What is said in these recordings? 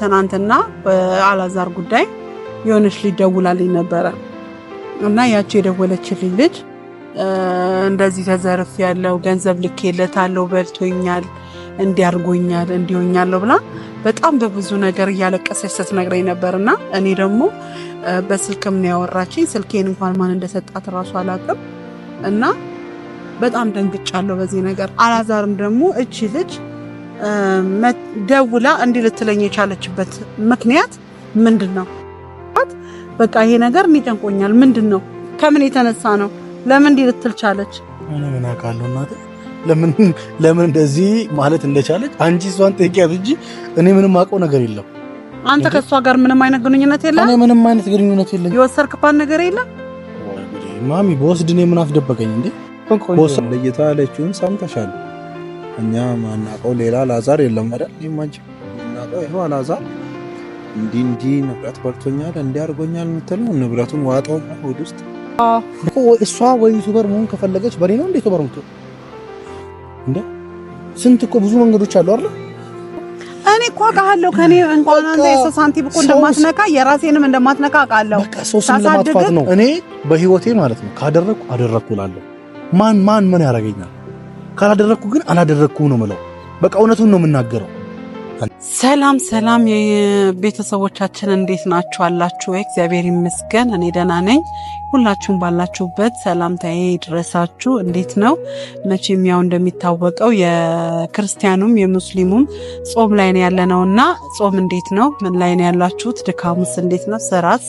ትናንትና በአላዛር ጉዳይ የሆነች ልጅ ደውላልኝ ነበረ እና ያቺ የደወለችልኝ ልጅ እንደዚህ ተዘርፍ ያለው ገንዘብ ልኬለታለሁ፣ በልቶኛል፣ እንዲያርጎኛል፣ እንዲሆኛለሁ ብላ በጣም በብዙ ነገር እያለቀሰች ስትነግረኝ ነበር እና እኔ ደግሞ በስልክም ነው ያወራችኝ። ስልኬን እንኳን ማን እንደሰጣት እራሱ አላውቅም እና በጣም ደንግጫለሁ በዚህ ነገር። አላዛርም ደግሞ እቺ ልጅ ደውላ እንዲህ ልትለኝ የቻለችበት ምክንያት ምንድን ነው? በቃ ይሄ ነገር እኔ ምንድን ነው? ከምን የተነሳ ነው? ለምን እንዲህ ልትል ቻለች? እኔ ምን አውቃለሁ እናቴ፣ ለምን ለምን እንደዚህ ማለት እንደቻለች አንቺ እሷን ጠይቂያት እንጂ እኔ ምንም አውቀው ነገር የለም። አንተ ከእሷ ጋር ምንም አይነት ግንኙነት የለም? እኔ ምንም አይነት ግንኙነት የለም። የወሰድክባት ነገር የለም? ማሚ በወስድ እኔ ምን አስደበቀኝ እንዴ? በወሰድ ለይታ ያለችውን ሰምተሻል? እኛ ማናቀው ሌላ አላዛር የለም አይደል? እኔም አንቺም የምናቀው አላዛር እንዲህ እንዲህ ንብረት በልቶኛል እንዲህ አድርጎኛል የምትለው ንብረቱን ዋጠው ሆድ ውስጥ እሷ ወይ ዩቱበር መሆን ከፈለገች በኔ ነው እንዴ ዩቱበር ምትሆን እንደ ስንት እኮ ብዙ መንገዶች አሉ አለ እኔ እኮ አውቃለሁ። ከኔ እንኳን አንተ የሰው ሳንቲም እኮ እንደማትነካ የራሴንም እንደማትነካ አውቃለሁ። በቃ ለማጥፋት ነው። እኔ በህይወቴ ማለት ነው ካደረግኩ አደረግኩ እላለሁ። ማን ማን ምን ያደርገኛል? ካላደረግኩ ግን አላደረግኩ ነው ምለው። በቃ እውነቱን ነው የምናገረው። ሰላም ሰላም፣ ቤተሰቦቻችን እንዴት ናችሁ? አላችሁ ወይ? እግዚአብሔር ይመስገን እኔ ደህና ነኝ። ሁላችሁም ባላችሁበት ሰላምታዬ ይድረሳችሁ። እንዴት ነው? መቼም ያው እንደሚታወቀው የክርስቲያኑም የሙስሊሙም ጾም ላይ ነው ነው እና ጾም እንዴት ነው? ምን ላይ ነው ያላችሁት? ድካሙስ እንዴት ነው? ስራስ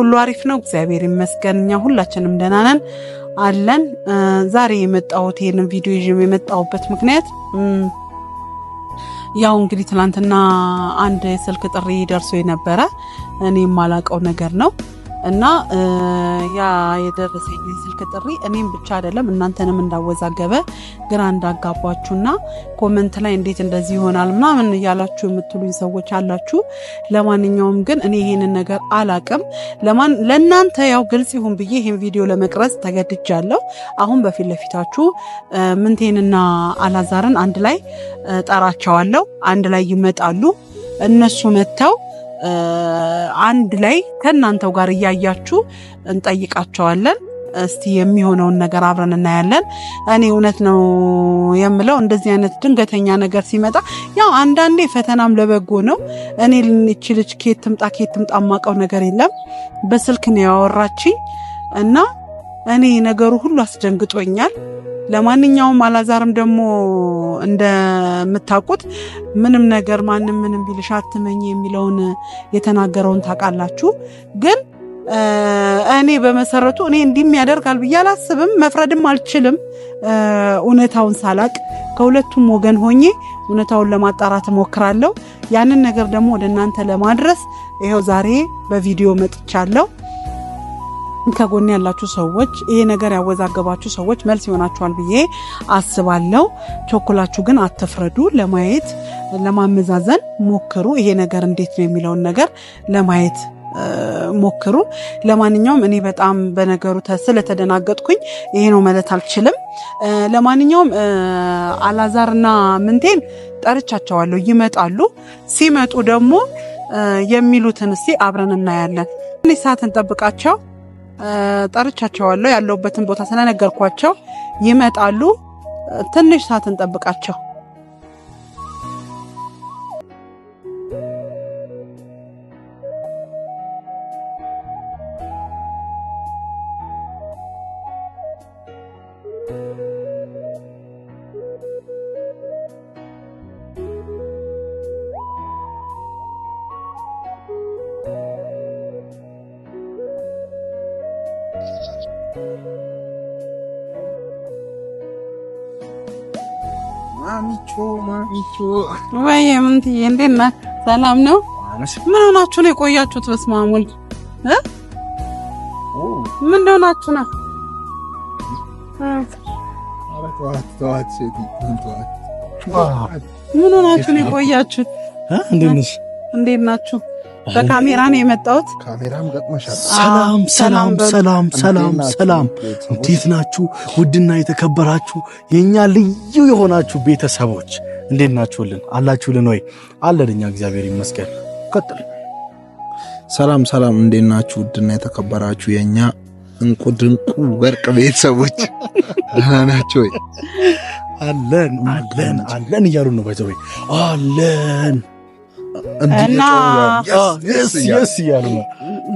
ሁሉ አሪፍ ነው? እግዚአብሔር ይመስገን እኛ ሁላችንም ደህና ነን። አለን። ዛሬ የመጣሁት ይሄንን ቪዲዮ ይዤ የመጣሁበት ምክንያት ያው እንግዲህ ትናንትና አንድ የስልክ ጥሪ ደርሶ የነበረ እኔ የማላቀው ነገር ነው። እና ያ የደረሰኝ ስልክ ጥሪ እኔም ብቻ አይደለም እናንተንም እንዳወዛገበ ግራ እንዳጋባችሁና ኮመንት ላይ እንዴት እንደዚህ ይሆናል ምናምን እያላችሁ የምትሉኝ ሰዎች አላችሁ። ለማንኛውም ግን እኔ ይሄንን ነገር አላቅም። ለእናንተ ያው ግልጽ ይሁን ብዬ ይህን ቪዲዮ ለመቅረጽ ተገድጃለሁ። አሁን በፊት ለፊታችሁ ምንቴንና አላዛርን አንድ ላይ ጠራቸዋለሁ። አንድ ላይ ይመጣሉ እነሱ መጥተው አንድ ላይ ከእናንተው ጋር እያያችሁ እንጠይቃቸዋለን። እስቲ የሚሆነውን ነገር አብረን እናያለን። እኔ እውነት ነው የምለው እንደዚህ አይነት ድንገተኛ ነገር ሲመጣ ያው አንዳንዴ ፈተናም ለበጎ ነው። እኔ ልንች ልጅ ኬት ትምጣ ኬት ትምጣ ማቀው ነገር የለም በስልክ ነው ያወራችኝ እና እኔ ነገሩ ሁሉ አስደንግጦኛል። ለማንኛውም አላዛርም ደግሞ እንደምታውቁት ምንም ነገር ማንም ምንም ቢልሽ አትመኝ የሚለውን የተናገረውን ታውቃላችሁ። ግን እኔ በመሰረቱ እኔ እንዲህ ያደርጋል ብዬ አላስብም፣ መፍረድም አልችልም። እውነታውን ሳላቅ ከሁለቱም ወገን ሆኜ እውነታውን ለማጣራት እሞክራለሁ። ያንን ነገር ደግሞ ወደ እናንተ ለማድረስ ይኸው ዛሬ በቪዲዮ መጥቻለሁ። ከጎን ያላችሁ ሰዎች ይሄ ነገር ያወዛገባችሁ ሰዎች መልስ ይሆናችኋል ብዬ አስባለሁ። ቸኩላችሁ ግን አትፍረዱ። ለማየት ለማመዛዘን ሞክሩ። ይሄ ነገር እንዴት ነው የሚለውን ነገር ለማየት ሞክሩ። ለማንኛውም እኔ በጣም በነገሩ ስለተደናገጥኩኝ ይሄ ነው ማለት አልችልም። ለማንኛውም አላዛርና ምንቴን ጠርቻቸዋለሁ። ይመጣሉ። ሲመጡ ደግሞ የሚሉትን እስቲ አብረን እናያለን። ሰዓት እንጠብቃቸው። ጠርቻቸዋለሁ። ያለውበትን ቦታ ስለነገርኳቸው ይመጣሉ። ትንሽ ሰዓት እንጠብቃቸው። ይቹ ወይ ምንትዬ እንዴት ነህ? ሰላም ነው? ምን ሆናችሁ ነው የቆያችሁት? በስመ አብ ወልድ ምን ሆናችሁ ነው? ምን ሆናችሁ ነው የቆያችሁት? እንዴት ናችሁ? በካሜራ ነው የመጣሁት። ሰላም ሰላም ሰላም ሰላም ሰላም፣ እንዴት ናችሁ? ውድና የተከበራችሁ የእኛ ልዩ የሆናችሁ ቤተሰቦች እንዴት ናችሁልን? አላችሁልን ወይ? አለን እኛ እግዚአብሔር ይመስገን። ቀጥል። ሰላም ሰላም፣ እንዴት ናችሁ? ውድና የተከበራችሁ የእኛ እንቁ ድንቁ ወርቅ ቤተሰቦች ደህና ናችሁ ወይ? አለን አለን አለን እያሉ ነው ባይዘ ወይ አለን እና እያሉ ነው።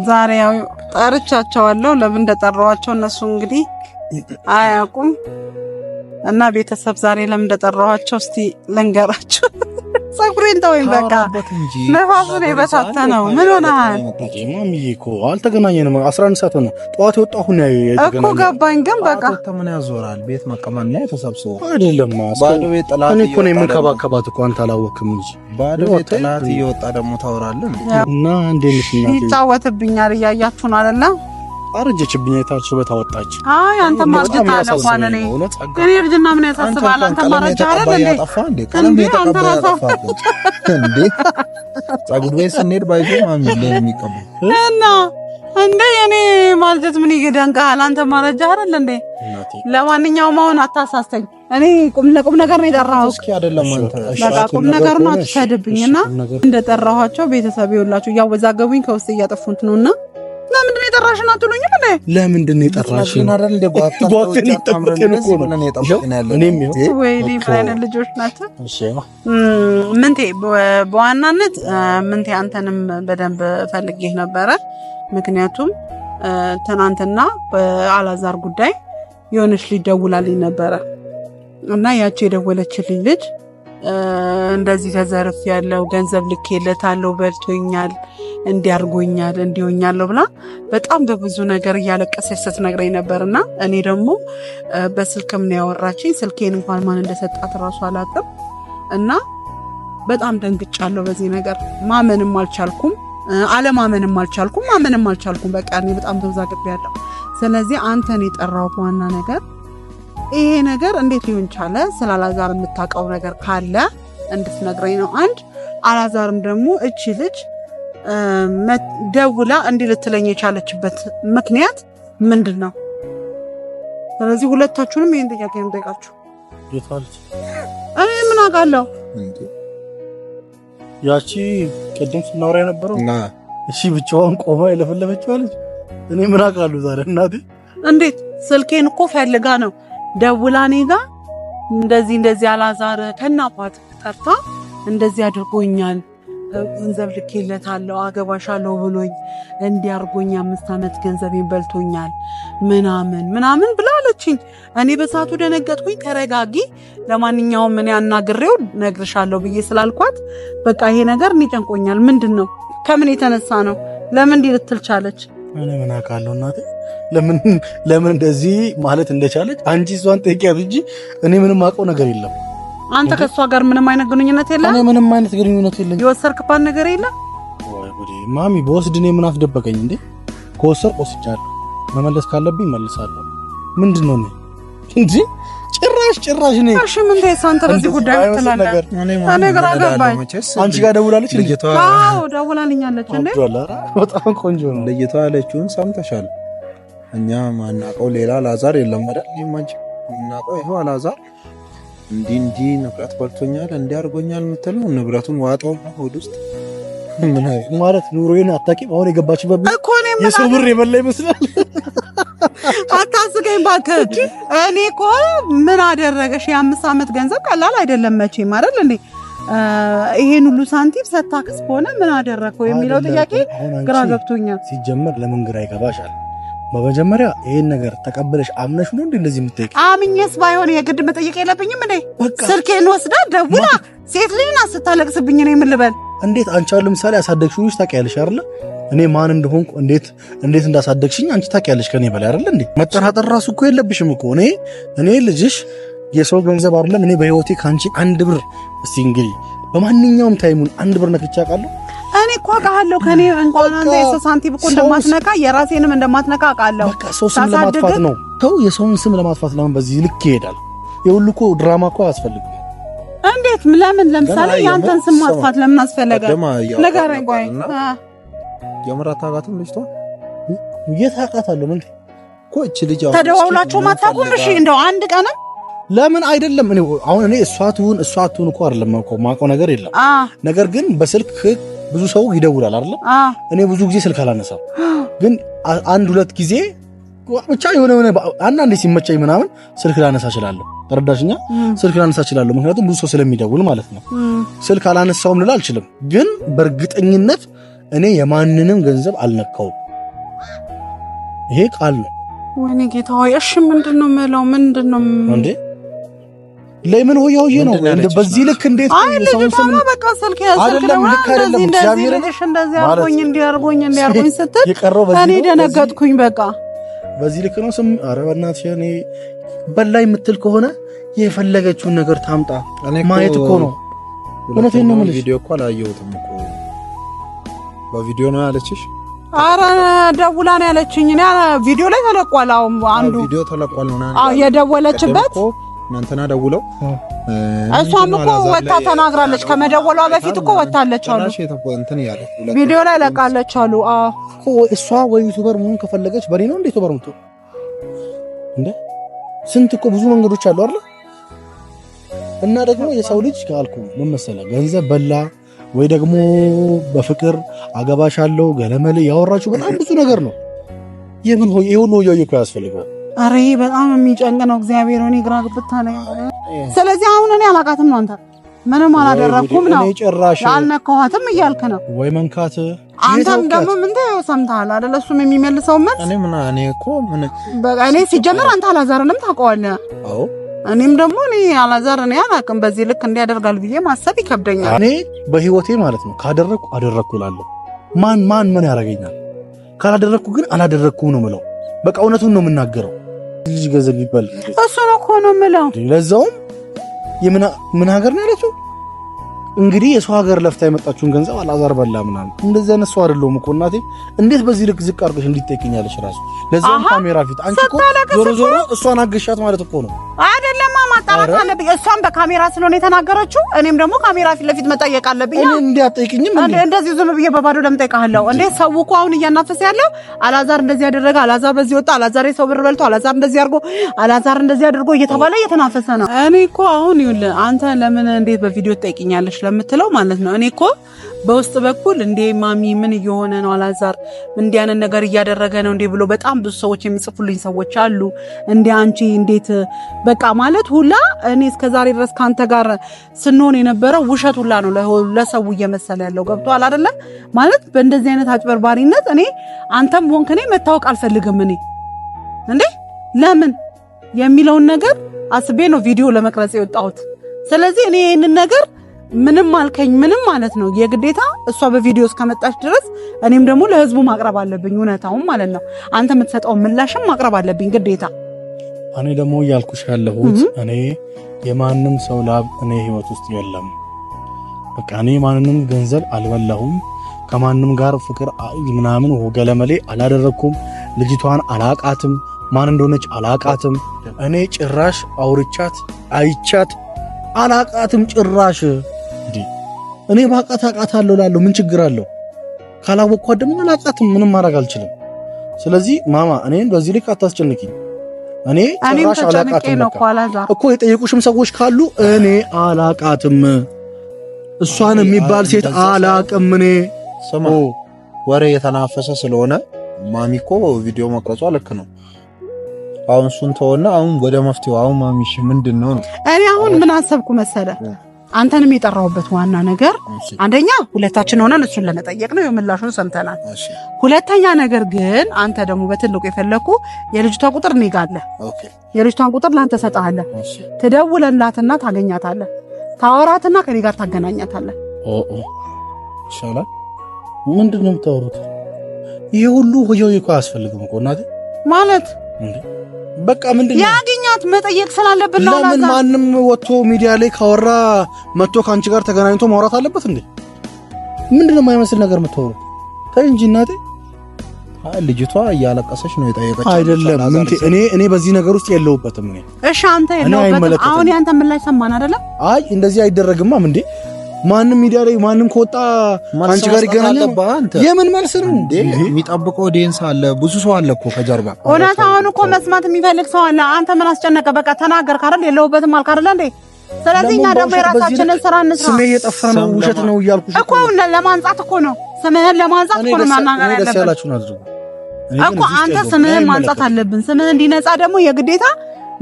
ዛሬ ያው ጠርቻቸዋለሁ። ለምን እንደጠራዋቸው እነሱ እንግዲህ አያውቁም። እና ቤተሰብ ዛሬ ለምን እንደጠራኋቸው እስቲ ልንገራቸው። ጸጉሬን ተወኝ፣ በቃ ነፋሱን የበሳተ ነው። ምን ሆነሃል? አልተገናኘንም። አስራ አንድ ሰዓት ነው ጠዋት የወጣሁ እኮ ገባኝ። ግን በቃ ምን ያዞራል? ቤት መቀመጥ መቀመሚያ ተሰብስቦ አይደለም። እኔ እኮ ነው የምንከባከባት እኮ አንተ አላወቅም እንጂ ባዶ ቤት ጥላት እየወጣ ደግሞ ታወራለህ እና እንዴት ይጫወትብኛል። እያያችሁን አይደለም አረጀችብኝ። አይታችሁ በታወጣች አይ አንተ ማርጀት አለ እንኳን እኔ እኔ ምን ያሳስባል? አንተ አንተ ራስህ ማርጀት ምን ይገደንቃል? አንተ ማረጀ አይደል እንዴ? ለማንኛውም አሁን አታሳስተኝ። እኔ ቁም ለቁም ነገር ነው የጠራኸው። እስኪ አይደለም አንተ በቃ ቁም ነገር ነው አትሰድብኝና እንደጠራኋቸው ቤተሰብ ይኸውላችሁ እያወዛገቡኝ ከውስጥ እያጠፉት ነውና ለምንድን ነው የጠራሽን አትሉኝም? እንዴ ለምንድን ነው የጠራሽን አይደል? እንደ ጓተን ይጠብቀን እኮ ነው። እኔም ይኸው ወይኔ ምን ልጆች ናቸው? እሺ ምንቴ፣ በዋናነት ምንቴ አንተንም በደንብ ፈልጌህ ነበረ። ምክንያቱም ትናንትና በአላዛር ጉዳይ የሆነች ልጅ ደውላልኝ ነበረ እና ያቺ የደወለችልኝ ልጅ እንደዚህ ተዘርፍ ያለው ገንዘብ ልኬለታለሁ፣ በልቶኛል፣ እንዲያርጎኛል፣ እንዲሆኛለሁ ብላ በጣም በብዙ ነገር እያለቀሰች ስትነግረኝ ነበር እና እኔ ደግሞ በስልክም ነው ያወራችኝ። ስልኬን እንኳን ማን እንደሰጣት እራሱ አላውቅም እና በጣም ደንግጫለሁ። በዚህ ነገር ማመንም አልቻልኩም፣ አለማመንም አልቻልኩም፣ ማመንም አልቻልኩም። በቃ እኔ በጣም ተወዛግቤያለሁ። ስለዚህ አንተን የጠራሁት ዋና ነገር ይሄ ነገር እንዴት ሊሆን ቻለ? ስለ አላዛር የምታውቀው ነገር ካለ እንድትነግረኝ ነው። አንድ አላዛርም ደግሞ እቺ ልጅ ደውላ እንዲህ ልትለኝ የቻለችበት ምክንያት ምንድን ነው? ስለዚህ ሁለታችሁንም ይህን ጥያቄ ነው የምጠይቃችሁ። እኔ ምን አውቃለሁ? ያቺ ቅድም ስናወራ የነበረው እሺ፣ ብቻዋን ቆማ የለፈለፈችው እኔ ምን አውቃለሁ ዛሬ እናቴ። እንዴት ስልኬን እኮ ፈልጋ ነው ደውላ እኔ ጋ እንደዚህ እንደዚህ አላዛር ከናፋት ጠርታ እንደዚህ አድርጎኛል፣ ገንዘብ ልኬለታለሁ፣ አገባሻለሁ ብሎኝ እንዲያርጎኝ አምስት ዓመት ገንዘቤን በልቶኛል ምናምን ምናምን ብላለችኝ። እኔ በሰዓቱ ደነገጥኩኝ። ተረጋጊ፣ ለማንኛውም እኔ አናግሬው ነግርሻለሁ ብዬ ስላልኳት በቃ ይሄ ነገር እኔ ጨንቆኛል። ምንድን ነው? ከምን የተነሳ ነው? ለምን እንዲህ ልትል ቻለች? ምን ምን አውቃለሁ እናቴ ለምን ለምን እንደዚህ ማለት እንደቻለች አንቺ እሷን ጠይቂያት እንጂ እኔ ምንም አውቀው ነገር የለም። አንተ ከእሷ ጋር ምንም አይነት ግንኙነት የለም። እኔ ምንም አይነት ግንኙነት የለም። የወሰድክባት ነገር የለም። ማሚ በወስድ እኔ ምን አስደበቀኝ እንዴ? ከወሰድኩ ወስጃለሁ። መመለስ ካለብኝ እመልሳለሁ። ምንድን ነው እንጂ ጭራሽ ጭራሽ ነው። እሺ ምን ታይሳን ተረዚህ ጉዳይ ትላለህ? እኔ ግራ ገባኝ። አንቺ ጋር ደውላለች ልጅቷ? አዎ ደውላልኛለች። እንዴ በጣም ቆንጆ ነው። ልጅቷ ያለችውን ሰምተሻል? እኛ ማናቀው ሌላ አላዛር የለም አይደል? እኔም አንቺም የምናውቀው ይኸው አላዛር እንዲህ እንዲህ ንብረት በልቶኛል እንዲህ አድርጎኛል የምትለው ንብረቱን ዋጠው ሆድ ውስጥ ማለት ኑሮዬን አታውቂም። አሁን የገባችበት የሰው ብር የበላ ይመስላል። አታስገኝ እባክህ። እኔ እኮ ምን አደረገሽ? የአምስት ዓመት ገንዘብ ቀላል አይደለም መቼም አይደል እንዴ? ይሄን ሁሉ ሳንቲም ሰታክስ ከሆነ ምን አደረግከው የሚለው ጥያቄ ግራ ገብቶኛል። ሲጀመር ለምን ግራ ይገባሻል? በመጀመሪያ ይሄን ነገር ተቀበለሽ አምነሽ ነው እንዴ እንደዚህ የምትጠይቅ? አምኜስ ባይሆን የግድ መጠየቅ የለብኝም እንዴ? ስልኬን ወስዳ ደውላ ሴት ልጅና ስታለቅስብኝ ነው የምልበል? እንዴት አንቺ አሁን ለምሳሌ ያሳደግሽው ልጅ ታውቂያለሽ አይደለ? እኔ ማን እንደሆንኩ እንዴት እንዴት እንዳሳደግሽኝ አንቺ ታውቂያለሽ ከኔ በላይ አይደለ እንዴ? መጠራጠር ራሱ እኮ የለብሽም እኮ እኔ እኔ ልጅሽ የሰው ገንዘብ አይደለም እኔ በህይወቴ ከአንቺ አንድ ብር እስቲ እንግዲህ በማንኛውም ታይሙን አንድ ብር ነክቼ አውቃለሁ እኔ እኮ አውቃለሁ። ከኔ እንኳን አንተ የሰው ሳንቲም እኮ እንደማትነካ የራሴንም እንደማትነካ አውቃለሁ። በቃ ሰው ስም ለማጥፋት ነው። ተው፣ የሰውን ስም ለማጥፋት ለምን በዚህ ልክ ይሄዳል? የሁሉ እኮ ድራማ እኮ አያስፈልግም። እንዴት? ለምን? ለምሳሌ የአንተን ስም ማጥፋት ለምን አስፈለገ? ንገረኝ። ቆይ የምር አታውቃትም ልጅቷ? የት አውቃታለሁ? ምን እኮ እቺ ልጅ ተደዋውላችሁ ማታውቁም? እሺ እንደው አንድ ቀንም ለምን አይደለም። እኔ አሁን እኔ እሷ ትሁን እሷ ትሁን እኮ አይደለም እኮ ማውቀው ነገር የለም ነገር ግን በስልክ ብዙ ሰው ይደውላል አይደለ? እኔ ብዙ ጊዜ ስልክ አላነሳም፣ ግን አንድ ሁለት ጊዜ ብቻ የሆነ የሆነ አንዳንዴ ሲመቸኝ ምናምን ስልክ ላነሳ እችላለሁ። ተረዳሽኛ? ስልክ ላነሳ እችላለሁ፣ ምክንያቱም ብዙ ሰው ስለሚደውል ማለት ነው። ስልክ አላነሳውም ልል አልችልም፣ ግን በእርግጠኝነት እኔ የማንንም ገንዘብ አልነካውም። ይሄ ቃል ነው። ወይኔ ጌታ ሆይ! እሺ ምንድን ነው የምለው? ምንድን ነው እንዴ ለምን ሆያ ሆዬ ነው? በዚህ ልክ እንዴት ነው? በቃ ስልክ እኔ ደነገጥኩኝ። በቃ በዚህ ልክ ነው ስም ኧረ በእናትሽ እኔ በላይ የምትል ከሆነ የፈለገችውን ነገር ታምጣ። ማየት እኮ ነው። እውነቴን ነው የምልሽ። ቪዲዮ እኮ አላየሁትም እኮ በቪዲዮ ነው ያለችሽ። አረ ደውላ ነው ያለችኝ። ቪዲዮ ላይ ተለቋል። አሁን አንዱ ቪዲዮ ተለቋል ነው የደወለችበት ትናንትና ደውለው እሷም እኮ ወታ ተናግራለች። ከመደወሏ በፊት እኮ ወታለች አሉ ቪዲዮ ላይ ለቃለች አሉ። እሷ ወይ ዩቱበር መሆን ከፈለገች በኔ ነው እንደ ዩቱበር ምትሆን እንደ ስንት እኮ ብዙ መንገዶች አሉ አይደል? እና ደግሞ የሰው ልጅ ካልኩ ምን መሰለ ገንዘብ በላ ወይ ደግሞ በፍቅር አገባሽ አለው ገለመል ያወራችሁ በጣም ብዙ ነገር ነው። የምን ሆይ ይሁን ሆይ ያስፈልገው አረ በጣም የሚጨንቅ ነው። እግዚአብሔር ሆኔ ግራ ግብታ ላይ ስለዚህ አሁን እኔ አላቃትም ነው አንተ ምንም አላደረኩም ነው አልነካኋትም እያልክ ነው ወይ መንካት። አንተም ደግሞ ምን ሰምተሃል አይደለ? እሱም የሚመልሰው መልስ እኔ ምን እኔ እኮ ምን በቃ እኔ ሲጀምር አንተ አላዛርንም ታውቀዋለህ። አዎ እኔም ደግሞ እኔ አላዛር እኔ አላውቅም በዚህ ልክ እንዲያደርጋል ብዬ ማሰብ ይከብደኛል። እኔ በህይወቴ ማለት ነው ካደረግኩ አደረግኩ እላለሁ። ማን ማን ምን ያደርገኛል? ካላደረግኩ ግን አላደረግኩም ነው ምለው። በቃ እውነቱን ነው የምናገረው። ልጅ ገንዘብ ይባል እሱ ነው እኮ ነው የምለው። ለዛውም ምን ሀገር ነው ያለችው? እንግዲህ የሰው ሀገር ለፍታ የመጣችውን ገንዘብ አላዛር በላ ምናምን። እንደዚህ አይነት ሰው አይደለሁም እኮ እናቴ። እንዴት በዚህ ልክ ዝቅ አድርገሽ እንዲጠይቅኛለሽ ራሱ። ለዛውም ካሜራ ፊት አንቺ እኮ ዞሮ ዞሮ እሷን አገሻት ማለት እኮ ነው አይደለም ማጣራት አለብኝ። እሷም በካሜራ ስለሆነ የተናገረችው እኔም ደግሞ ካሜራ ፊት ለፊት መጠየቅ አለብኝ። እኔ እንዲያጠይቅኝም እንደዚህ ዝም ብዬ በባዶ ለምን እጠይቅሃለሁ እንዴ? ሰው እኮ አሁን እያናፈሰ ያለው አላዛር እንደዚህ ያደረገ፣ አላዛር በዚህ ወጣ፣ አላዛር የሰው ብር በልቶ፣ አላዛር እንደዚህ አድርጎ፣ አላዛር እንደዚህ አድርጎ እየተባለ እየተናፈሰ ነው። እኔ እኮ አሁን ይኸውልህ አንተ ለምን እንዴት በቪዲዮ ትጠይቅኛለሽ ለምትለው ማለት ነው እኔ እኮ በውስጥ በኩል እንዴ ማሚ ምን እየሆነ ነው? አላዛር እንዲህ አይነት ነገር እያደረገ ነው እንዴ ብሎ በጣም ብዙ ሰዎች የሚጽፉልኝ ሰዎች አሉ። እንዴ አንቺ እንዴት በቃ ማለት ሁላ እኔ እስከ ዛሬ ድረስ ከአንተ ጋር ስንሆን የነበረው ውሸት ሁላ ነው ለሰው እየመሰለ ያለው ገብቶሃል አይደለም? ማለት በእንደዚህ አይነት አጭበርባሪነት እኔ አንተም ሆንክ እኔ መታወቅ አልፈልግም። እኔ እንዴ ለምን የሚለውን ነገር አስቤ ነው ቪዲዮ ለመቅረጽ የወጣሁት። ስለዚህ እኔ ይህንን ነገር ምንም አልከኝ ምንም ማለት ነው። የግዴታ እሷ በቪዲዮ እስከመጣች ድረስ እኔም ደግሞ ለህዝቡ ማቅረብ አለብኝ እውነታውን ማለት ነው። አንተ የምትሰጠው ምላሽም ማቅረብ አለብኝ ግዴታ። እኔ ደግሞ እያልኩሽ ያለሁት እኔ የማንም ሰው ላብ እኔ ህይወት ውስጥ የለም። በቃ እኔ ማንንም ገንዘብ አልበላሁም። ከማንም ጋር ፍቅር ምናምን ወገለመሌ አላደረግኩም። ልጅቷን አላቃትም፣ ማን እንደሆነች አላቃትም። እኔ ጭራሽ አውርቻት አይቻት አላቃትም ጭራሽ እኔ ባቃት አቃታለሁ እላለሁ። ምን ችግር አለው? ካላወቅኩ አደም ምን አቃት ምንም ማድረግ አልችልም። ስለዚህ ማማ እኔን በዚህ ልክ አታስጨንቂኝ። እኔ ጭራሽ አላቃትም እኮ የጠየቁሽም ሰዎች ካሉ እኔ አላቃትም፣ እሷን የሚባል ሴት አላቅም። እኔ ስማ፣ ወሬ የተናፈሰ ስለሆነ ማሚኮ ቪዲዮ መቅረጿ ልክ ነው። አሁን እሱን ተወና፣ አሁን ወደ መፍትሄው። አሁን ማሚሽ ምንድን ነው? እኔ አሁን ምን አሰብኩ መሰለ አንተንም የጠራሁበት ዋና ነገር አንደኛ ሁለታችን ሆነን እሱን ለመጠየቅ ነው። የምላሹን ሰምተናል። ሁለተኛ ነገር ግን አንተ ደግሞ በትልቁ የፈለግኩ የልጅቷ ቁጥር እኔ ጋ አለ። የልጅቷን ቁጥር ለአንተ እሰጥሃለሁ። ትደውለላትና ታገኛታለህ። ታወራትና ከኔ ጋር ታገናኛታለህ። ይሻላል። ምንድን ነው የምታወሩት? ይህ ሁሉ ሆየው እኮ አያስፈልግም እኮ እናቴ ማለት በቃ ምንድን ነው ያገኛት መጠየቅ ስላለብን ነው። ለምን ማንም ወጥቶ ሚዲያ ላይ ካወራ መጥቶ ከአንቺ ጋር ተገናኝቶ ማውራት አለበት እንዴ? ምንድነው የማይመስል ነገር የምታወራው? ተይ እንጂ እናቴ። ልጅቷ እያለቀሰች ነው የጠየቀች አይደለም። እኔ እኔ በዚህ ነገር ውስጥ የለሁበትም። እኔ እሺ፣ አንተ የለሁበትም። አሁን ያንተ ምላሽ ሰማን አይደለም። አይ እንደዚህ አይደረግማም እንዴ ማንም ሚዲያ ላይ ማንም ከወጣ አንቺ ጋር ይገናኛል። የምን መልስ ነው እንዴ? የሚጠብቀው ዴንስ አለ፣ ብዙ ሰው አለ እኮ ከጀርባ። አሁን እኮ መስማት የሚፈልግ ሰው አለ። አንተ ምን አስጨነቀ? በቃ ተናገር ካረል የለውበትም አልክ አይደል እንዴ? ስለዚህ እኛ ደግሞ የራሳችንን ስራ እንስራ። ስሜ እየጠፋ ነው፣ ውሸት ነው እያልኩሽ እኮ ለማንጻት እኮ ነው። ስምህን ለማንጻት እኮ ነው ማናገር ያለበት እኮ አንተ ስምህን ማንጻት አለብን። ስምህን እንዲነጻ ደግሞ የግዴታ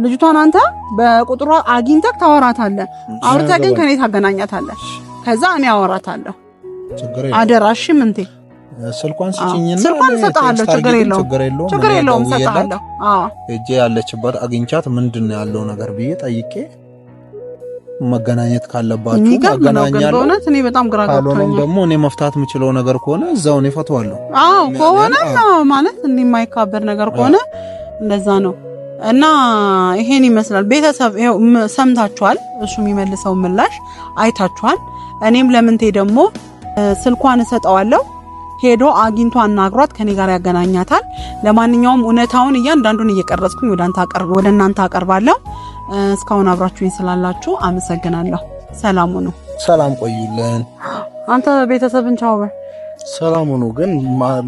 ልጅቷን አንተ በቁጥሯ አግኝተህ ታወራታለህ። አውርተህ ግን ከኔ ታገናኛታለህ። ከዛ እኔ አወራታለሁ። አደራሽ ምንቴ ስልኳን ስጭኝና ስልኳን ሰጣለሁ። ችግር የለውም፣ ችግር የለውም ሰጣለሁ። እጄ ያለችበት አግኝቻት ምንድን ነው ያለው ነገር ብዬ ጠይቄ መገናኘት ካለባችሁ አገናኛለሁ። በእውነት እኔ በጣም ግራ ገብቶኛል። ደግሞ እኔ መፍታት የምችለው ነገር ከሆነ እዛው እኔ እፈታዋለሁ። አዎ ከሆነ ማለት እኔ የማይካበር ነገር ከሆነ እንደዛ ነው። እና ይሄን ይመስላል ቤተሰብ ሰምታችኋል። እሱ የሚመልሰው ምላሽ አይታችኋል። እኔም ለምንቴ ደግሞ ስልኳን እሰጠዋለሁ ሄዶ አግኝቶ አናግሯት ከኔ ጋር ያገናኛታል። ለማንኛውም እውነታውን እያንዳንዱን እየቀረጽኩኝ ወደ እናንተ አቀርባለሁ። እስካሁን አብራችሁኝ ስላላችሁ አመሰግናለሁ። ሰላሙ ነው። ሰላም ቆዩልን። አንተ ቤተሰብን ቻው በል ሰላሙ ነው ግን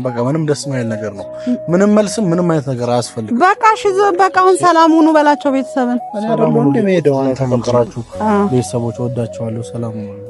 በቃ ምንም ደስ የማይል ነገር ነው። ምንም መልስም ምንም አይነት ነገር አያስፈልግም። በቃ እሺ፣ በቃ አሁን ሰላም ነው በላቸው ቤተሰብን። ሰላም ሁኑ። ቤተሰቦች ወዳቸዋለሁ። ሰላም ሁኑ።